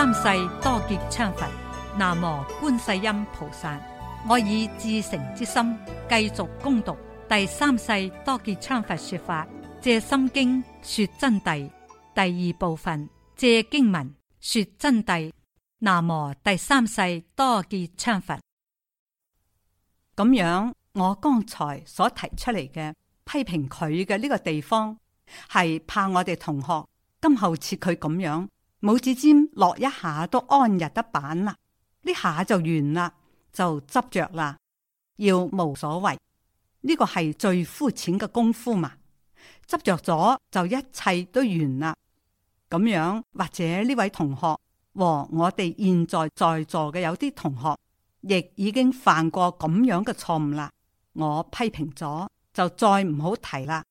三世多杰羌佛，南無觀世音菩薩。我以至誠之心繼續攻讀第三世多杰羌佛說法，藉心經說真諦。第二部分，藉經文說真諦。南無第三世多杰羌佛。咁樣，我剛才所提出嚟嘅批評佢嘅呢個地方，係怕我哋同學今後似佢咁樣。拇指尖落一下都安逸得板啦，呢下就完啦，就執着啦，要無所謂。呢個係最膚淺嘅功夫嘛，執着咗就一切都完啦。咁樣或者呢位同學和我哋現在在座嘅有啲同學，亦已經犯過咁樣嘅錯誤啦。我批評咗就再唔好提啦，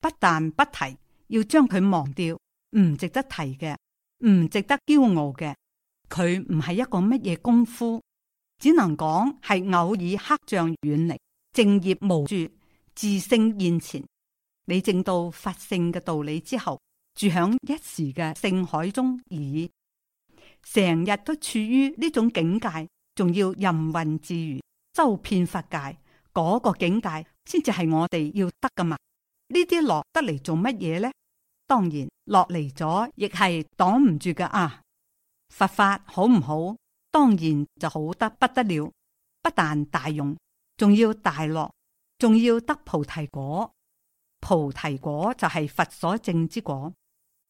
不但不提，要將佢忘掉，唔值得提嘅。唔值得驕傲嘅，佢唔係一個乜嘢功夫，只能講係偶爾黑象遠離正業無住自性現前。你證到法性嘅道理之後，住響一時嘅性海中而已，成日都處於呢種境界，仲要任運自如，周遍法界嗰個境界，先至係我哋要得噶嘛？呢啲落得嚟做乜嘢呢？當然落嚟咗，亦係擋唔住㗎啊！佛法好唔好？當然就好得不得了，不但大用，仲要大樂，仲要得菩提果。菩提果就係佛所證之果，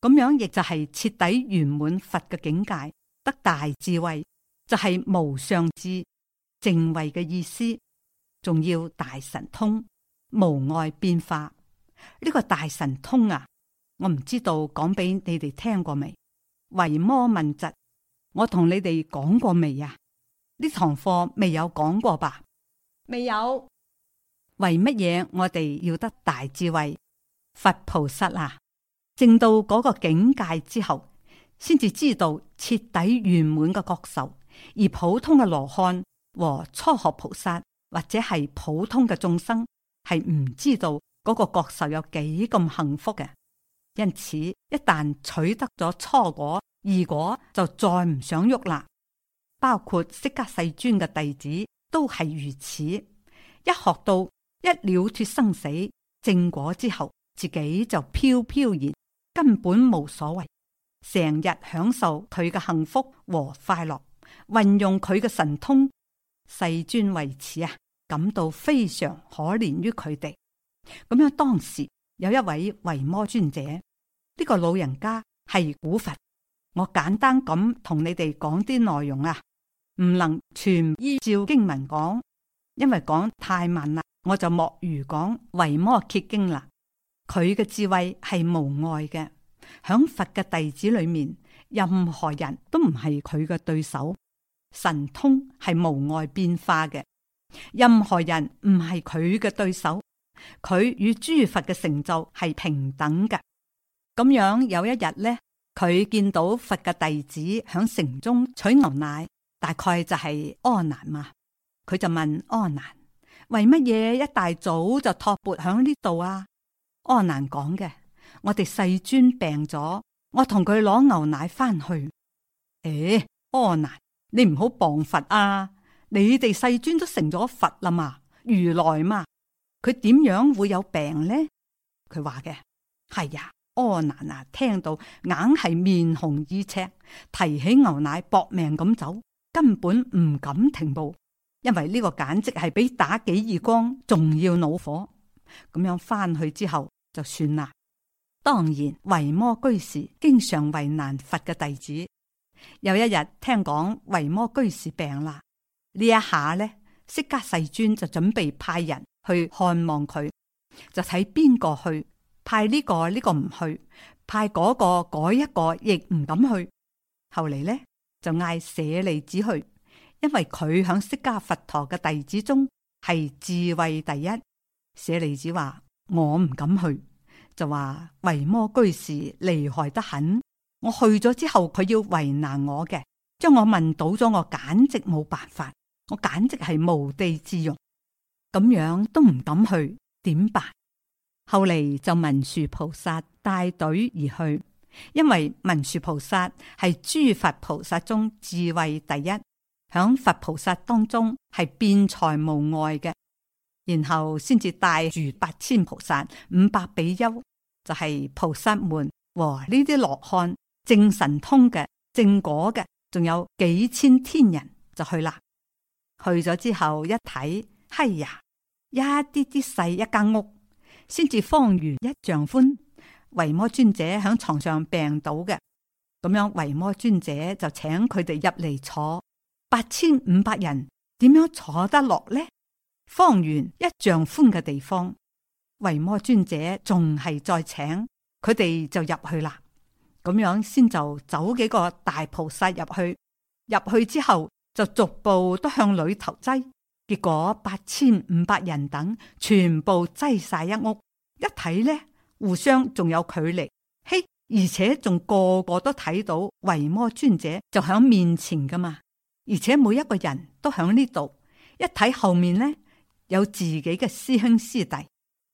咁樣亦就係徹底圓滿佛嘅境界，得大智慧就係、是、無上智正位嘅意思，仲要大神通，無礙變化。呢、這個大神通啊！我唔知道講俾你哋聽過未？維摩問疾，我同你哋講過未呀？呢堂課未有講過吧？未有。為乜嘢我哋要得大智慧？佛菩薩啊，證到嗰個境界之後，先至知道徹底圓滿嘅國壽。而普通嘅羅漢和初學菩薩，或者係普通嘅眾生，係唔知道嗰個國壽有幾咁幸福嘅。因此，一旦取得咗初果、二果，就再唔想喐啦。包括釋迦世尊嘅弟子都係如此。一學到一了脫生死正果之後，自己就飄飄然，根本無所謂，成日享受佢嘅幸福和快樂，運用佢嘅神通。世尊為此啊，感到非常可憐於佢哋。咁樣當時有一位維摩尊者。呢個老人家係古佛，我簡單咁同你哋講啲內容啊，唔能全依照經文講，因為講太慢啦，我就莫如講維魔揭經啦。佢嘅智慧係無礙嘅，響佛嘅弟子裏面，任何人都唔係佢嘅對手。神通係無礙變化嘅，任何人唔係佢嘅對手，佢與諸佛嘅成就係平等嘅。咁樣有一日咧，佢見到佛嘅弟子響城中取牛奶，大概就係阿難嘛。佢就問阿難：為乜嘢一大早就托缽響呢度啊？阿難講嘅：我哋世尊病咗，我同佢攞牛奶翻去。誒，阿難，你唔好謗佛啊！你哋世尊都成咗佛啦嘛，如來嘛，佢點樣會有病呢？佢話嘅係呀。阿難啊，聽到硬係面紅耳赤，提起牛奶搏命咁走，根本唔敢停步，因為呢個簡直係比打幾耳光仲要老火。咁樣返去之後就算啦。當然，維摩居士經常為難佛嘅弟子。有一日聽講維摩居士病啦，呢一下呢，釋迦世尊就準備派人去看望佢，就睇邊個去。派呢個呢個唔去，派嗰個改一個亦唔敢去。後嚟呢，就嗌舍利子去，因為佢響釋迦佛陀嘅弟子中係智慧第一。舍利子話：我唔敢去，就話維摩居士厲害得很，我去咗之後佢要為難我嘅，將我問到咗，我簡直冇辦法，我簡直係無地自容，咁樣都唔敢去，點辦？後嚟就文殊菩薩帶隊而去，因為文殊菩薩係諸佛菩薩中智慧第一，響佛菩薩當中係辯才無礙嘅。然後先至帶住八千菩薩、五百比丘，就係、是、菩薩們和呢啲羅漢、正神通嘅、正果嘅，仲有幾千天人就去啦。去咗之後一睇，係、哎、呀，一啲啲細一間屋。先至方圓一丈寬，維摩尊者響床上病倒嘅，咁樣維摩尊者就請佢哋入嚟坐，八千五百人點樣坐得落呢？方圓一丈寬嘅地方，維摩尊者仲係再請佢哋就入去啦，咁樣先就走幾個大菩薩入去，入去之後就逐步都向裏頭擠。結果八千五百人等全部擠晒一屋，一睇呢，互相仲有距離，嘿，而且仲個個都睇到維摩尊者就響面前噶嘛，而且每一個人都響呢度，一睇後面呢，有自己嘅師兄師弟，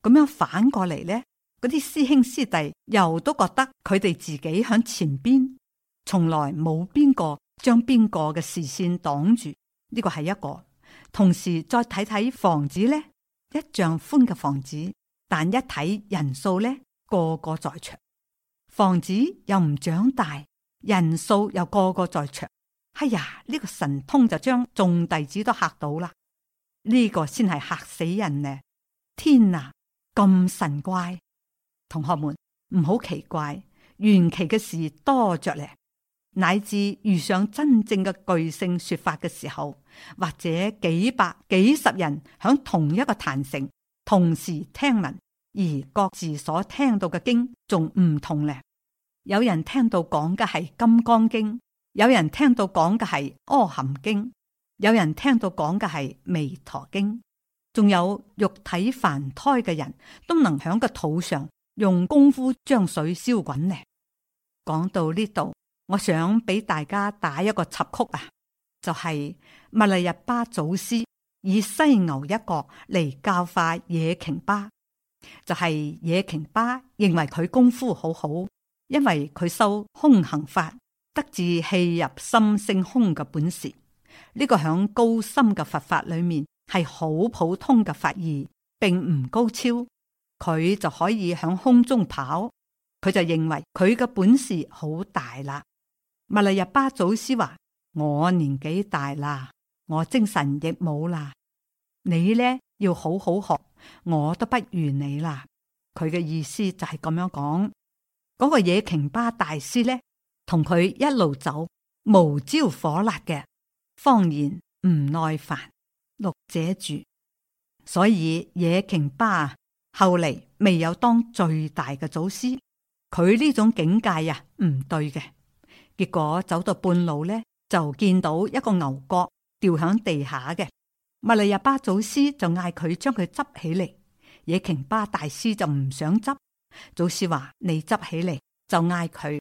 咁樣反過嚟呢，嗰啲師兄師弟又都覺得佢哋自己響前邊，從來冇邊個將邊個嘅視線擋住，呢個係一個。同時再睇睇房子呢，一丈寬嘅房子，但一睇人數呢，個個在場。房子又唔長大，人數又個個在場。哎呀，呢、這個神通就將眾弟子都嚇到啦！呢、這個先係嚇死人呢！天啊，咁神怪！同學們唔好奇怪，玄奇嘅事多着呢。乃至遇上真正嘅巨聖說法嘅時候，或者幾百、幾十人響同一個壇城同時聽聞，而各自所聽到嘅經仲唔同咧？有人聽到講嘅係《金剛經》，有人聽到講嘅係《阿含經》，有人聽到講嘅係《彌陀經》，仲有肉體凡胎嘅人都能響個肚上用功夫將水燒滾咧。講到呢度。我想俾大家打一個插曲啊，就係密勒日巴祖師以犀牛一角嚟教化野瓊巴，就係、是、野瓊巴認為佢功夫好好，因為佢修空行法，得自氣入心性空嘅本事。呢、這個響高深嘅佛法裏面係好普通嘅法義，並唔高超。佢就可以響空中跑，佢就認為佢嘅本事好大啦。密勒日巴祖師話：我年紀大啦，我精神亦冇啦。你呢要好好學，我都不如你啦。佢嘅意思就係咁樣講。嗰、那個惹瓊巴大師呢，同佢一路走，無招火辣嘅方言，唔耐煩。六者住，所以惹瓊巴後嚟未有當最大嘅祖師。佢呢種境界啊，唔對嘅。結果走到半路呢，就見到一個牛角掉響地下嘅，密勒日巴祖師就嗌佢將佢執起嚟。野瓊巴大師就唔想執，祖師話：你執起嚟就嗌佢。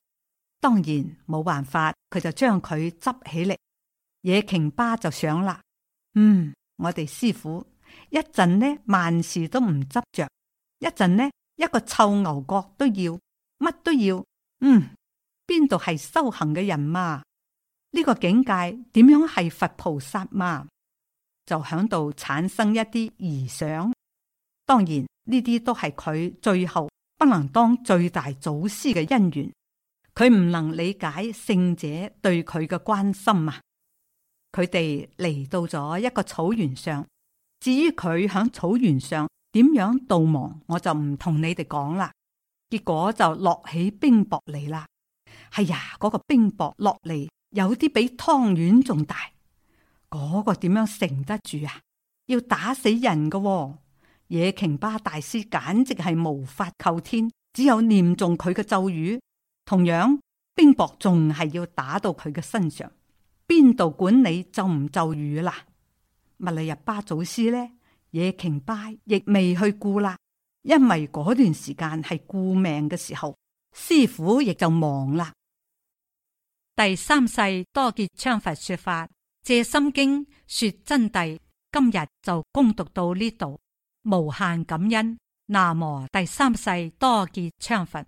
當然冇辦法，佢就將佢執起嚟。野瓊巴就想啦，嗯，我哋師父，一陣呢，萬事都唔執着，一陣呢，一個臭牛角都要，乜都要，嗯。邊度係修行嘅人嘛？呢個境界點樣係佛菩薩嘛？就響度產生一啲疑想。當然呢啲都係佢最後不能當最大祖師嘅因緣。佢唔能理解聖者對佢嘅關心啊！佢哋嚟到咗一個草原上，至於佢響草原上點樣度亡，我就唔同你哋講啦。結果就落起冰雹嚟啦。哎呀，嗰個冰雹落嚟有啲比湯圓仲大，嗰個點樣承得住啊？要打死人㗎喎！野瓊巴大師簡直係無法救天，只有念中佢嘅咒語。同樣，冰雹仲係要打到佢嘅身上，邊度管你咒唔咒語啦？密勒日巴祖師呢？野瓊巴亦未去顧啦，因為嗰段時間係顧命嘅時候，師傅亦就忙啦。第三世多杰羌佛說法，借心經說真諦，今日就恭讀到呢度，無限感恩。南無第三世多杰羌佛。